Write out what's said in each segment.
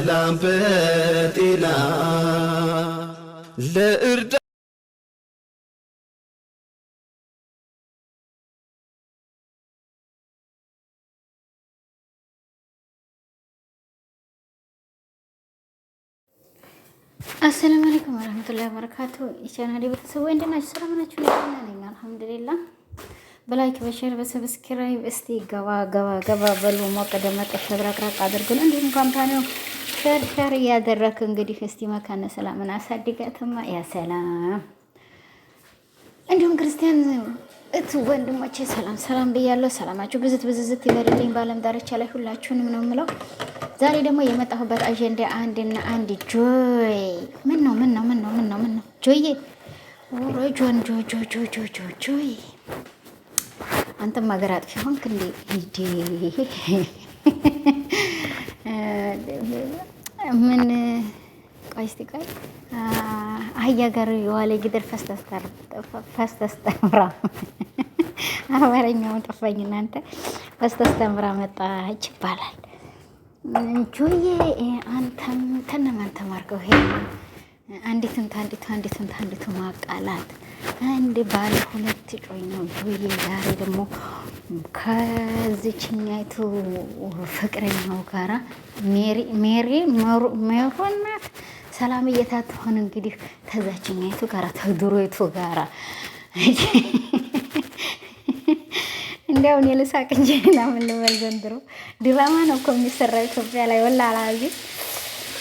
በሰላም በጤና ለእርዳ አሰላሙ አለይኩም ወራህመቱላሂ ወበረካቱ። የቻናሌ ቤተሰቦች እንደምን ናችሁ? ሰላም ናችሁ? ለኛ አልሐምዱሊላህ። በላይክ በሼር በሰብስክራይብ እስቲ ገባ ገባ ገባ በሉ ሞቀ ደመቀ ሸብረቅረቅ አድርጉን። እንዲሁም ካምፓኒው ሸርሸር እያደረክ እንግዲህ እስቲ መካነ ሰላምን አሳድጋትማ። ያ ሰላም እንዲሁም ክርስቲያን እቱ ወንድሞቼ ሰላም ሰላም ብያለሁ። ሰላማችሁ ብዝት ብዝዝት ይበልልኝ በዓለም ዳርቻ ላይ ሁላችሁንም ነው የምለው። ዛሬ ደግሞ የመጣሁበት አጀንዳ አንድና አንድ ጆይ። ምን ነው ምን ነው ምን ነው ምን ነው ምን ነው ጆዬ ወሮ ጆን ጆ ጆ ጆ ጆ ጆ ጆይ አንተም ሀገር አጥፊ ሆንክ እንዴ? ምን ቆይ እስኪ ቆይ አህያ ጋር የዋለ ጊደር ፈስተስተምራ አማርኛውን ጠፋኝ እናንተ። ፈስተስተምራ መጣች ይባላል። ጆዬ አንተም ተነማን ተማርከው ሄ አንዲቱን ታንዲቱ አንዲቱን ታንዲቱ ማቃላት አንድ ባለ ሁለት ጮኛው ጆዬ ዛሬ ደግሞ ከዚችኛይቱ ፍቅረኛው ጋራ ሜሪ ሜሪ ናት ሰላም እየታትሆን እንግዲህ ከዛችኛይቱ ጋራ ተድሮይቱ ጋራ እንዲያውን የልሳቅ እንጂ ምናምን ልበል። ዘንድሮ ድራማ ነው እኮ የሚሰራው ኢትዮጵያ ላይ ወላ ላዚ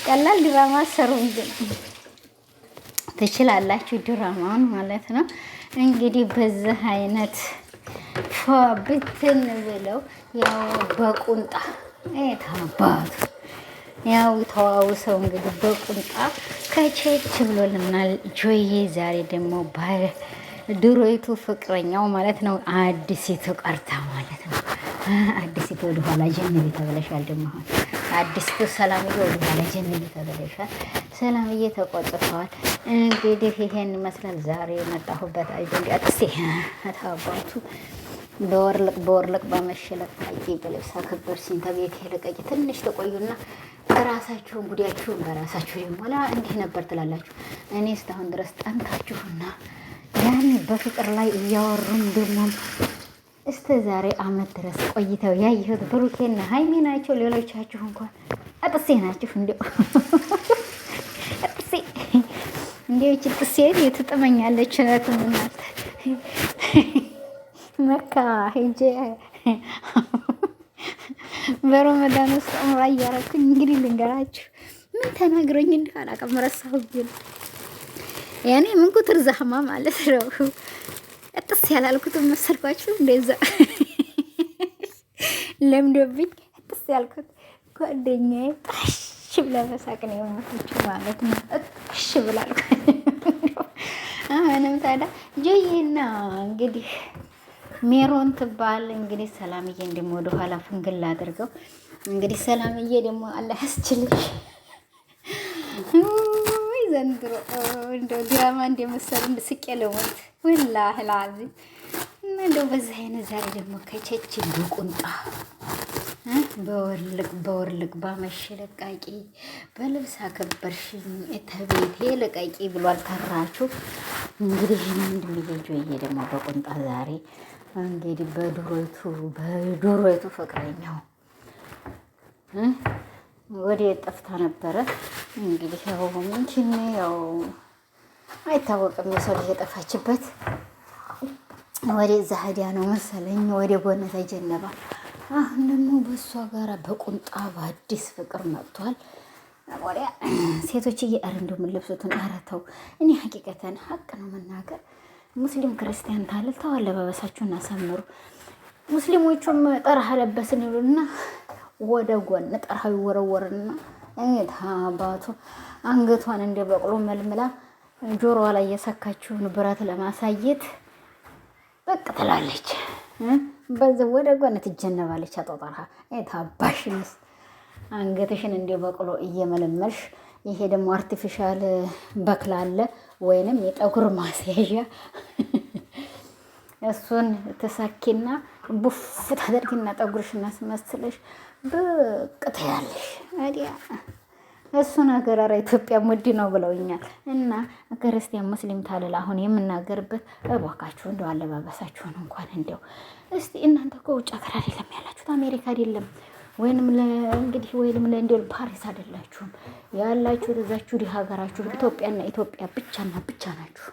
ቀላል ድራማ ሰሩም ግን ትችላላችሁ፣ ድራማውን ማለት ነው። እንግዲህ በዚህ አይነት ብትን ብለው ያው በቁንጣ የታባቱ ያው ተዋውሰው እንግዲህ በቁንጣ ከቼች ብሎልናል ጆዬ። ዛሬ ደግሞ ባለ ድሮይቱ ፍቅረኛው ማለት ነው አዲሲቱ ቀርታ ማለት ነው። አዲሲቱ ወደኋላ ጀንቤ ተበለሻል። ደግሞ አሁን አዲሲቱ ሰላምዬ ወደኋላ ጀንቤ ተበለሻል። ሰላምዬ ተቆጥተዋል። እንግዲህ ይሄን ይመስላል ዛሬ የመጣሁበት አጀንዳ። አጥሴ አታባቱ በወርልቅ በወርልቅ በመሸለቅ ታቂ በልብሳ ክብር ሲንተ ቤት የለቀቂ ትንሽ ተቆዩና በራሳችሁን ጉዳያችሁን በራሳችሁ ደግሞ እንዲህ ነበር ትላላችሁ። እኔ እስካሁን ድረስ ጠንታችሁና ያን በፍቅር ላይ እያወሩም ደግሞ እስከ ዛሬ አመት ድረስ ቆይተው ያየሁት ብሩኬና ሀይሜ ናቸው። ሌሎቻችሁ እንኳን አጥሴ ናችሁ እንዲያው እንዴ እቺ ጥሴት የትጥመኛለች እውነትም እናት መካ ሄጄ በረመዳን ውስጥ ዑምራ እያረኩኝ እንግዲህ ልንገራችሁ ምን ተናግሮኝ እንዲሁ አላውቅም፣ ረሳሁብኝ። ያኔ ምን ቁጥር ዛህማ ማለት ነው። እጥስ ያላልኩት መሰልኳችሁ እንደዛ ለምዶብኝ እጥስ ያልኩት ጓደኛዬ ጣሽ ብለመሳቅ ነው የሞተችው ማለት ነው። ብላል። አሁንም ታዲያ ጆዬና እንግዲህ ሜሮን ትባል እንግዲህ ሰላምዬ እንደሞ ወደ ኋላ ፍንግል አድርገው እንግዲህ ሰላምዬ ደግሞ አላህ ያስችልሽ ወይ ዘንድሮ እንደው ድራማ እንደመሰሉ እንድስቄ ለሞት ወላሂ ላዚ እና እንደው በዚህ አይነት ዛሬ ደግሞ ከቸች እንደ ቁንጣ በወርልቅ በወርልቅ ባመሽ ለቃቂ በልብስ አከበርሽኝ እተቤቴ ለቃቂ ብሏል ተራችሁ። እንግዲህ ምንድን ልጆዬ ደግሞ በቁንጣ ዛሬ እንግዲህ በዶሮቱ በዶሮቱ ፍቅረኛው ወደ ጠፍታ ነበረ። እንግዲህ ያው ምንችን ያው አይታወቅም የሰው ልጅ የጠፋችበት ወደ ዛህዲያ ነው መሰለኝ ወደ ጎነ ተጀነባ አሁን ደግሞ በእሷ ጋር በቁምጣ በአዲስ ፍቅር መጥቷል። ወዲያ ሴቶች እየአረንዶ የምለብሱትን አረተው እኔ ሀቂቀተን ሀቅ ነው መናገር ሙስሊም ክርስቲያን ታለ ተው አለባበሳችሁን አሳምሩ። ሙስሊሞቹም ጠርሃ ለበስን ይሉና ወደ ጎን ጠርሃው ይወረወርና ታባቱ አንገቷን እንደ በቅሎ መልምላ ጆሮዋ ላይ የሰካችውን ብረት ለማሳየት በቅ ትላለች። በዛ ወደ ጎን ትጀነባለች። አጦጠርሃ ታባሽ ሚስት አንገትሽን እንዲሁ በቅሎ እየመለመልሽ ይሄ ደግሞ አርቲፊሻል በክላለ ወይንም የጠጉር ማስያዣ እሱን ትሳኪና ቡፍ ታደርጊና ጠጉርሽ እናስመስለሽ ብቅ ትያለሽ። እሱን ሀገር ኧረ ኢትዮጵያ ውድ ነው ብለውኛል። እና ክርስቲያን ሙስሊም ታልል አሁን የምናገርበት እባካችሁ እንደው አለባበሳችሁን እንኳን እንደው እስቲ እናንተ እኮ ውጭ ሀገር አይደለም ያላችሁት አሜሪካ አይደለም ወይንም እንግዲህ ወይንም ለእንዲል ፓሪስ አይደላችሁም ያላችሁ እዛችሁ ዲህ ሀገራችሁ ኢትዮጵያና ኢትዮጵያ ብቻና ብቻ ናችሁ።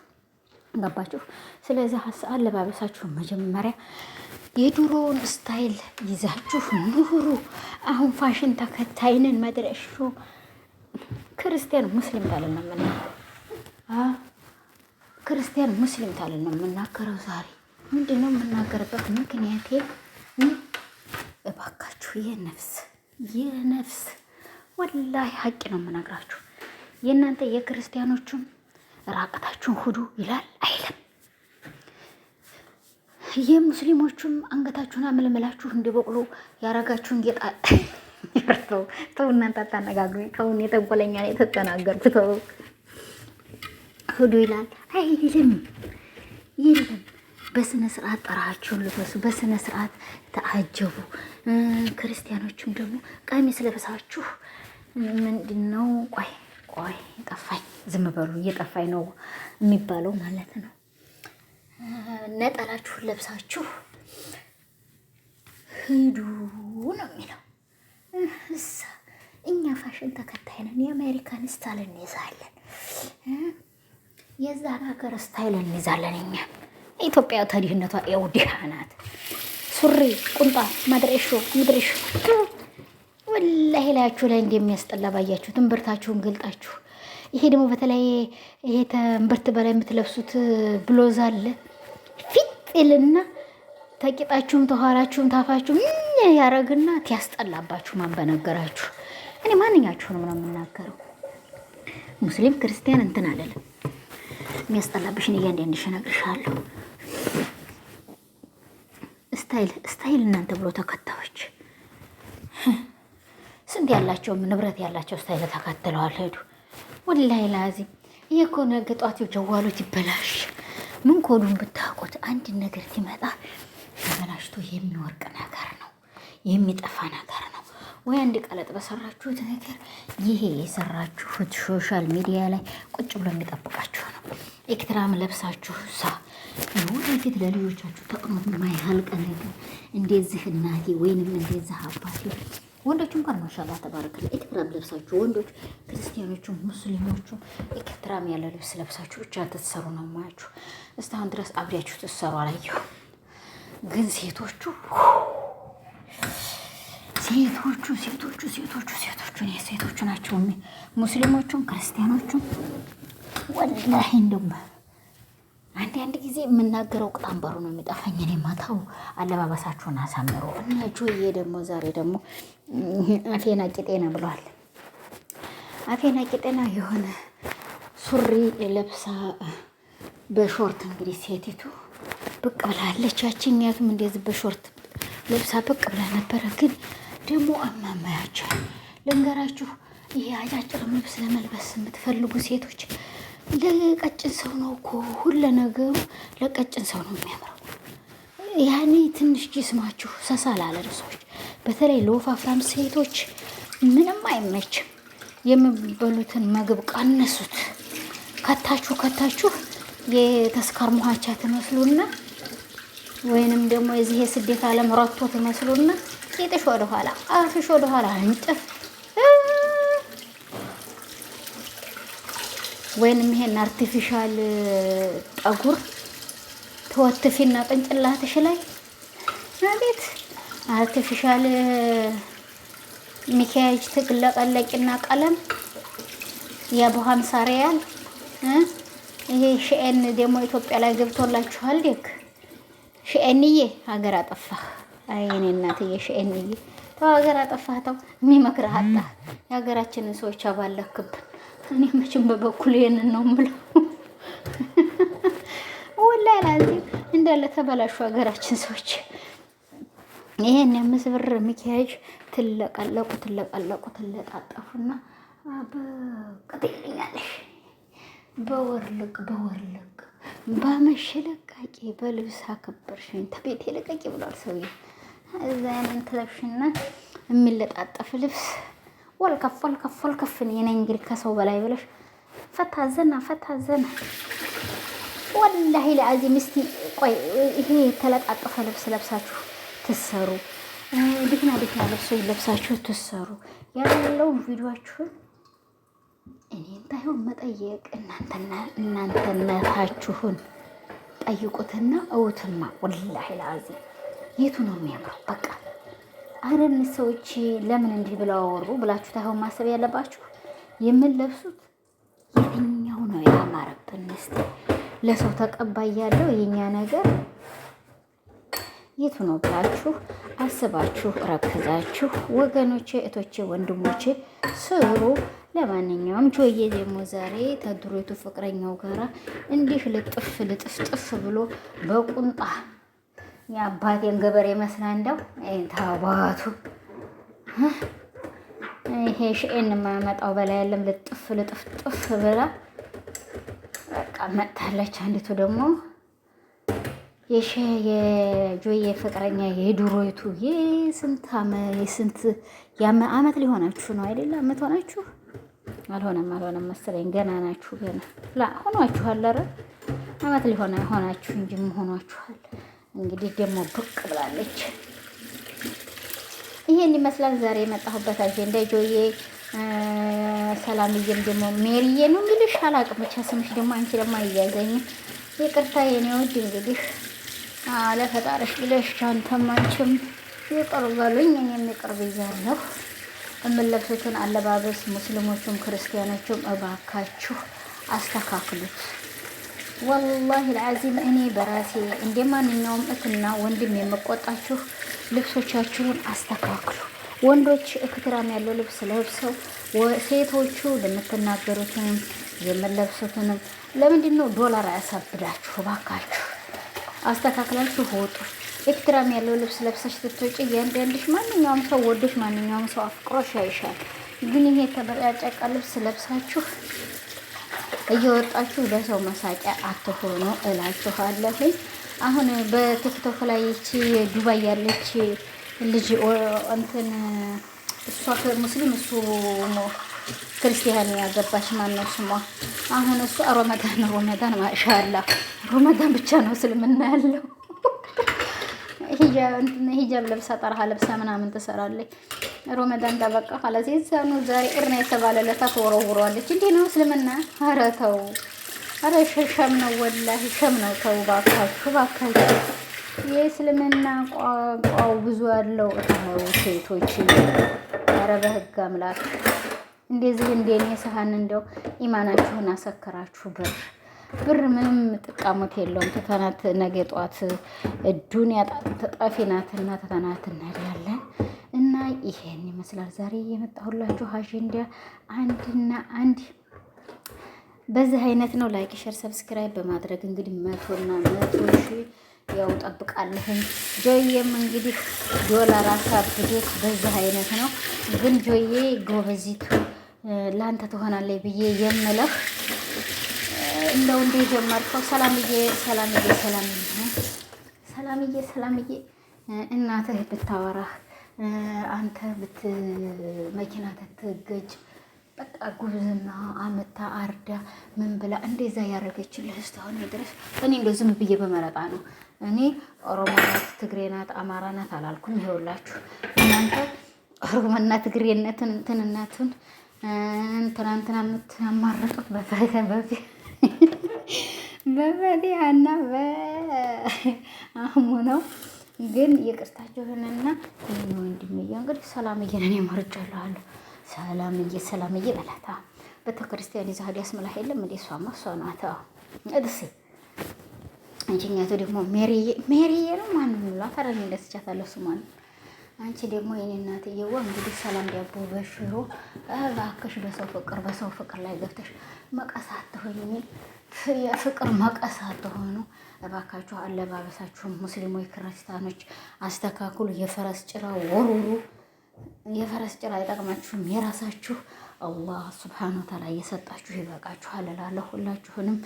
ገባችሁ? ስለዚህ አለባበሳችሁን መጀመሪያ የድሮውን ስታይል ይዛችሁ ኑሩ። አሁን ፋሽን ተከታይንን መድረሹ ክርስቲያን ሙስሊም ታለን ነው የምናገረው። ክርስቲያን ሙስሊም ታለን ነው የምናገረው። ዛሬ ምንድን ነው የምናገርበት ምክንያቴ? እባካችሁ የነፍስ የነፍስ ወላሂ ሀቂ ነው የምነግራችሁ። የእናንተ የክርስቲያኖቹም ራቀታችሁን ሁዱ ይላል አይለም የሙስሊሞቹም አንገታችሁን አመልመላችሁ እንዲበቅሉ ያረጋችሁን ጌጣ ተው ተው፣ እናንተ አታነጋግሩኝ። ተው፣ እኔ ተንኮለኛ ነኝ ተው ይላል። አይልም የለም። በስነ ስርዓት ጠራችሁን ልበሱ፣ በስነ ስርዓት ተአጀቡ። ክርስቲያኖቹም ደግሞ ቀሚስ ለብሳችሁ ምንድን ነው? ቆይ ቆይ፣ ጠፋኝ። ዝም በሉ፣ እየጠፋኝ ነው የሚባለው ማለት ነው። ነጠላችሁን ለብሳችሁ ሂዱ ነው የሚለው እኛ ፋሽን ተከታይ ነን። የአሜሪካን ስታይል እንይዛለን፣ የዛን ሀገር ስታይል እንይዛለን። እኛ ኢትዮጵያ ተድህነቷ የውዲሃ ናት። ሱሪ ቁምጣ መድረሾ ምድረሾ ወላሂ ላያችሁ ላይ እንደሚያስጠላ ባያችሁ ትንብርታችሁን ገልጣችሁ ይሄ ደግሞ በተለይ ይሄ ተንብርት በላይ የምትለብሱት ብሎዝ አለ ፊጥልና ተቂጣችሁም ተኋላችሁም ታፋችሁም ያረግና ያስጠላባችሁ ማን በነገራችሁ። እኔ ማንኛችሁንም ነው የምናገረው። ሙስሊም ክርስቲያን እንትን አለለም። የሚያስጠላብሽን እያንዳንድሽ እነግርሻለሁ። ስታይል ስታይል እናንተ ብሎ ተከታዮች ስንት ያላቸው ንብረት ያላቸው ስታይል ተከትለዋል ሄዱ። ወላሂ ላዚ እኮ ነገ ጀዋሎት ይበላሽ። ምን ኮዱን ብታውቁት አንድ ነገር ሲመጣ ተበላሽቶ የሚወርቅ ነገር የሚጠፋ ነገር ነው ወይ? አንድ ቀለጥ በሰራችሁት ነገር ይሄ የሰራችሁት ሶሻል ሚዲያ ላይ ቁጭ ብሎ የሚጠብቃችሁ ነው። ኤክትራም ለብሳችሁ ሳ ወደፊት ለልጆቻችሁ ተቅኖት የማይሀልቅ ነገር እንደዚህ እናቴ ወይንም እንደዚህ አባቴ ወንዶቹም ጋር ማሻላ ተባረክላ ኤክትራም ለብሳችሁ ወንዶች ክርስቲያኖቹም ሙስሊሞቹ ኤክትራም ያለ ልብስ ለብሳችሁ ብቻ ትሰሩ ነው ማያችሁ። እስካሁን ድረስ አብሪያችሁ ትሰሩ አላየሁ፣ ግን ሴቶቹ ሴቶቹ ሴቶቹ ሴቶቹ ሴቶቹ ሴቶቹ ናቸው። ሙስሊሞቹም ክርስቲያኖቹም ወላሂ እንደውም አንድ ጊዜ የምናገረው ቅጣንበሩ ነው የሚጠፋኝ። እኔ ማታው አለባበሳችሁን አሳምሮ እና ጆዬ ደግሞ ዛሬ ደግሞ አፌና ቂጤና ብለዋል። አፌና ቂጤና የሆነ ሱሪ ለብሳ በሾርት እንግዲህ ሴቲቱ ብቅ ብላለች። ያችኛቱም እንደዚህ በሾርት ለብሳ ብቅ ብላ ነበረ ግን ደግሞ አማማያቸው ልንገራችሁ፣ ይሄ አጫጭር ልብስ ለመልበስ የምትፈልጉ ሴቶች ለቀጭን ሰው ነው እኮ ሁለ ነገሩ፣ ለቀጭን ሰው ነው የሚያምረው። ያኔ ትንሽ ጅስማችሁ ሰሳ ላለ ሰዎች፣ በተለይ ለወፋፍራም ሴቶች ምንም አይመችም። የሚበሉትን ምግብ ቀነሱት። ከታችሁ ከታችሁ የተስካር ሙሃቻ ትመስሉና ወይንም ደግሞ የዚህ የስደት አለም ረቶ ትመስሉና ቂጥሽ ወደኋላ፣ አፍሽ ወደኋላ እንጭፍ ወይንም ይሄን አርቲፊሻል ጠጉር ተወትፊና ቅንጭላትሽ ላይ አቤት አርቲፊሻል ሚካያጅ ትግለቀለቂና ቀለም የአቡሃም ሳሪያል ይሄ ሸኤን ደግሞ ኢትዮጵያ ላይ ገብቶላችኋል። ደግ ሸኤንዬ ሀገር አጠፋ። አይኔ እናት እናትዬ ሸኤንዬ ተው፣ ሀገር አጠፋተው የሚመክርህ አጣህ። የሀገራችንን ሰዎች አባላክብን። እኔ መቼም በበኩል ይህንን ነው ምለው ወላሂ ላዚ እንዳለ ተበላሹ ሀገራችን ሰዎች። ይሄን የአምስት ብር ሚኪያጅ ትለቀለቁ ትለቀለቁ ትለጣጠፉና በቅጥልኛለሽ በወርልቅ በወርልቅ በመሸለቃቂ በልብስ አከበርሽኝ ተቤቴ ለቀቂ ብሏል ሰውዬ። እዛ ያንን ትለብሽና የሚለጣጠፍ ልብስ ወልከፍ ወልከፍ ወልከፍን የኔ እንግዲህ ከሰው በላይ ብለሽ ፈታዘና ፈታዘና ወላሂ ለአዚ ምስቲ ቆይ ይሄ የተለጣጠፈ ልብስ ለብሳችሁ ትሰሩ ድፍና ድፍና ልብሶች ለብሳችሁ ትሰሩ ያለውን ቪዲዮችሁን እኔን ባይሆን መጠየቅ እናንተነታችሁን ጠይቁትና እውትማ ወላሂ ለአዚ የቱ ነው የሚያምረው? በቃ አረን ሰዎች ለምን እንዲህ ብለው አወሩ ብላችሁ ታይሆን ማሰብ ያለባችሁ የምንለብሱት የትኛው ነው ያማረብን እስቲ ለሰው ተቀባይ ያለው የኛ ነገር የቱ ነው ብላችሁ አስባችሁ ረከዛችሁ ወገኖቼ፣ እህቶቼ፣ ወንድሞቼ ስሩ። ለማንኛውም ጆዬ ደግሞ ዛሬ ተድሮቱ ፍቅረኛው ጋራ እንዲህ ልጥፍ ልጥፍ ጥፍ ብሎ በቁንጣ የአባቴን ገበሬ መስላ እንደው ታባቱ ይሄ ሽኤን የማያመጣው በላይ ያለም ልጥፍ ልጥፍ ጥፍ ብላ በቃ መጥታለች። አንዲቱ ደግሞ የጆዬ ፍቅረኛ የድሮይቱ የስንት የስንት አመት ሊሆናችሁ ነው አይደለ? አመት ሆናችሁ አልሆነም አልሆነም መሰለኝ ገና ናችሁ ገና ላ ሆኗችኋል። ኧረ አመት ሊሆነ ሆናችሁ እንጂ ሆኗችኋል። እንግዲህ ደግሞ ብቅ ብላለች። ይሄን ይመስላል ዛሬ የመጣሁበት አጀንዳ ጆዬ። ሰላምዬም ደግሞ ሜሪዬ ነው እንግዲህ አላቅም። ብቻ ስምሽ ደግሞ አንቺ ደግሞ አያዘኝም። ይቅርታ የኔ ውድ እንግዲህ ለፈጣሪሽ ብለሽ አንተም አንቺም ይቅር በሉኝ፣ እኔም ይቅር ብያለሁ። የምለብሱትን አለባበስ ሙስሊሞቹም ክርስቲያኖቹም እባካችሁ አስተካክሉት። ወላሂ ልዓዚም እኔ በራሴ እንደ ማንኛውም እህትና ወንድም የምቆጣችሁ ልብሶቻችሁን አስተካክሉ። ወንዶች እክትራም ያለው ልብስ ለብሰው፣ ሴቶቹ የምትናገሩትንም የምለብሱትንም ለምንድን ነው ዶላር አያሳብዳችሁ? እባካችሁ አስተካክላችሁ ወጡ። እክትራም ያለው ልብስ ለብሰሽ ስትወጪ እያንዳንድሽ ማንኛውም ሰው ወዶች፣ ማንኛውም ሰው አፍቅሮሽ ያይሻል። ግን ይሄ የተበጫጨቀ ልብስ ለብሳችሁ እየወጣችሁ በሰው መሳቂያ አትሆኑ እላችኋለሁ። አሁን በቲክቶክ ላይ ይቺ ዱባይ ያለች ልጅ እንትን እሷ ሙስሊም እሱ ክርስቲያን ያገባች ማን ነው ስሟ? አሁን እሷ ሮመዳን ሮመዳን ማሻላ ሮመዳን ብቻ ነው እስልምና ያለው ሂጃብ ለብሳ ጠርሃ ለብሳ ምናምን ትሰራለች። ሮመዳን ዳበቃ ኋላሴ ሰኑ ዛሬ እርና የተባለ ለታ ተወረውሯለች። እንዲህ ነው እስልምና። ኧረ ተው፣ ኧረ ሸም ነው ወላሂ ሸም ነው። ተው እባካችሁ፣ እባካችሁ የእስልምና ቋንቋው ብዙ ያለው ተው ሴቶች፣ ኧረ በህግ አምላክ እንደዚህ እንደኔ ሰሃን እንደው ኢማናችሁን አሰከራችሁ ብር ብር ምንም ጥቃሞት የለውም። ተተናት ነገ ጧት ዱንያ ተጣፊ ናትና ተተናት እናዳለን ይሄን ይመስላል ዛሬ የመጣሁላችሁ አጀንዳ አንድና አንድ በዚህ አይነት ነው። ላይክ ሸር፣ ሰብስክራይብ በማድረግ እንግዲህ መቶና መቶ ሺ ያው ጠብቃለሁኝ። ጆዬም እንግዲህ ዶላር አሳብዶት በዚህ አይነት ነው። ግን ጆዬ ጎበዚቱ ለአንተ ትሆናለች ብዬ የምለው እንደው እንዴ ጀመርከው ሰላምዬ፣ ሰላምዬ፣ ሰላምዬ፣ ሰላምዬ፣ ሰላምዬ እናትህ ብታወራህ አንተ ብት መኪና ተትገጭ በቃ ጉብዝና አመታ አርዳ ምን ብላ እንደዛ ያደረገችልህ እስካሁን ድረስ እኔ እንደው ዝም ብዬ በመረጣ ነው። እኔ ኦሮሞ ናት፣ ትግሬ ናት፣ አማራ ናት አላልኩም። ይኸውላችሁ እናንተ ኦሮሞና ትግሬነትን እንትንነትን ትናንትና የምትማረጡት በፈቲያና በአህሙ ነው። ግን ይቅርታችሁንና ይህን ወንድምዬ እንግዲህ ሰላምዬ ነን የመርጫለሁ። ሰላምዬ ሰላምዬ በላት ቤተ ክርስቲያን ይዛ ሀዲያስ ምላህ የለም እንዴ? እሷማ እሷ ናት። እድሴ አንቺኛቱ ደግሞ ሜሪዬ ሜሪዬ ነው ማንም ብላ ታረኝ እንደስቻታለሁ ስሟን አንቺ ደግሞ የኔ እናትዬዋ እንግዲህ ሰላም ዳቦ በሽሮ እባክሽ በሰው ፍቅር በሰው ፍቅር ላይ ገብተሽ መቀሳት ሆኝ የሚል የፍቅር መቀሳት ሆኑ እባካችሁ አለባበሳችሁም ሙስሊሞች ክርስቲያኖች አስተካክሉ። የፈረስ ጭራ ወሩሩ። የፈረስ ጭራ አይጠቅማችሁም። የራሳችሁ አላህ ስብሓን ወተዓላ እየሰጣችሁ ይበቃችኋል እላለሁ ሁላችሁንም።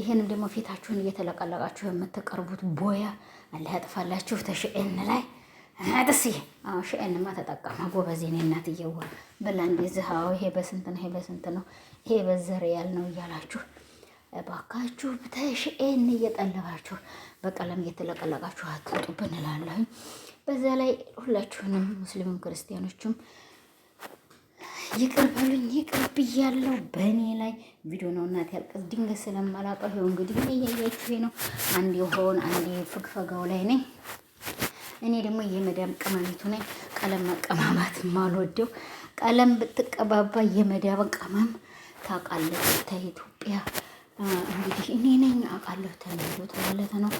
ይህንም ደግሞ ፊታችሁን እየተለቀለቃችሁ የምትቀርቡት ቦያ አለ ያጥፋላችሁ። ተሽኤን ላይ ጥስ ሽኤንማ ተጠቀመ ጎበዜኔ እናትየዋ በላ እንደዚህ ይሄ በስንት ነው ይሄ በስንት ነው ይሄ በዘር ያል ነው እያላችሁ ባካችሁ ተሽኤን እየጠለባችሁ በቀለም እየተለቀለቃችሁ አትጡብን እላለሁኝ። በዛ ላይ ሁላችሁንም ሙስሊሙን ክርስቲያኖችም ይቅር በሉኝ፣ ይቅር ብያለሁ። በእኔ ላይ ቪዲዮ ነው እናት ያልቀስ ድንገት ስለማላውቀው ይኸው እንግዲህ እያያችሁ ነው። አንድ የሆን አንድ ፍግፈጋው ላይ ነኝ። እኔ ደግሞ የመዳም ቀማሚቱ ነኝ። ቀለም መቀማማት ማልወደው ቀለም ብትቀባባ የመዳም ቀመም ታውቃለች ከኢትዮጵያ እንግዲህ እኔ ነኝ አውቃለሁ ተናግሮት ማለት ነው።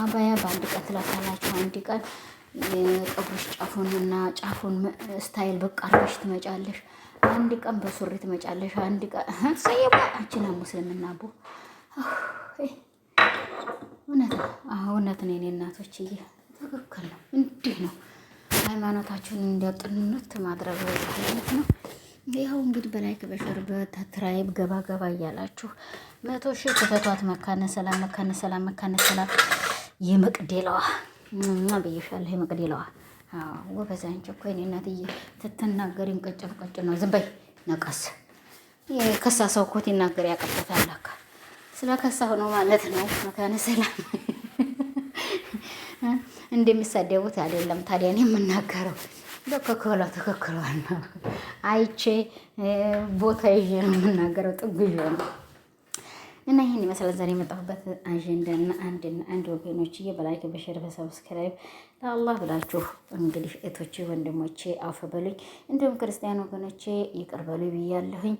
አባያ በአንድ ቀን ትላታላችሁ። አንድ ቀን የቀብሮች ጫፉን እና ጫፉን ስታይል ብቅ ትመጫለሽ። አንድ ቀን በሱሪ ትመጫለሽ። አንድ ቀን ሰየባ አችና ሙስልምና ቦ እውነት ነው። እውነት ነው። እኔ እናቶች እየ ትክክል ነው። እንዲህ ነው ሃይማኖታችሁን እንዲያጥንነት ማድረግ ማለት ነው። ይኸው እንግዲህ በላይክ በሽር በትራይብ ገባ ገባ እያላችሁ መቶ ሺህ ክተቷት። መካነ ሰላም መካነ ሰላም መካነ ሰላም የመቅደላዋ እና ብዬሻለሁ። የመቅደላዋ ጎበዝ አንቺ እኮ የእኔ እናትዬ ትትናገሪ እንቅጭ እንቅጭ ነው። ዝም በይ ነቀስ። የከሳ ሰው እኮ ትናገር ያቀበታል እኮ ስለ ከሳ ሆኖ ማለት ነው። መካነ ሰላም እንደሚሳደቡት አይደለም ታዲያ እኔ የምናገረው በትክክሏ ትክክሏ ነው። አይቼ ቦታ ይዤ ነው የምናገረው፣ ጥጉ ይዤ ነው እና ይህን ይመስላል ዛሬ የመጣሁበት አጀንዳ አንድና አንድ ወገኖችዬ፣ በላይክ በሸር በሰብስክራይብ ለአላህ ብላችሁ እንግዲህ እህቶቼ ወንድሞቼ አውፍ እንዲሁም ክርስቲያን ወገኖቼ ይቅር ብያለሁኝ።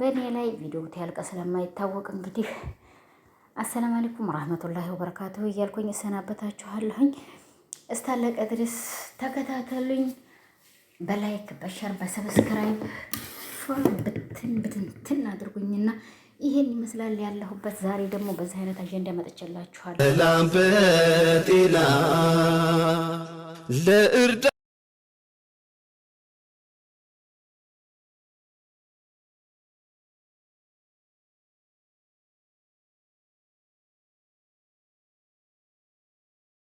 በእኔ ላይ ቪዲዮ ያልቀ ስለማይታወቅ እንግዲህ አሰላም አለይኩም ረህመቱላሂ ወበረካቱሁ እያልኩኝ እሰናበታችኋለሁኝ። እስታለቀ ድረስ ተከታተሉኝ። በላይክ በሸር በሰብስክራይብ ብትን ብትንትን አድርጉኝና ይሄን ይመስላል ያለሁበት። ዛሬ ደግሞ በዚህ አይነት አጀንዳ መጥቼላችኋለሁ።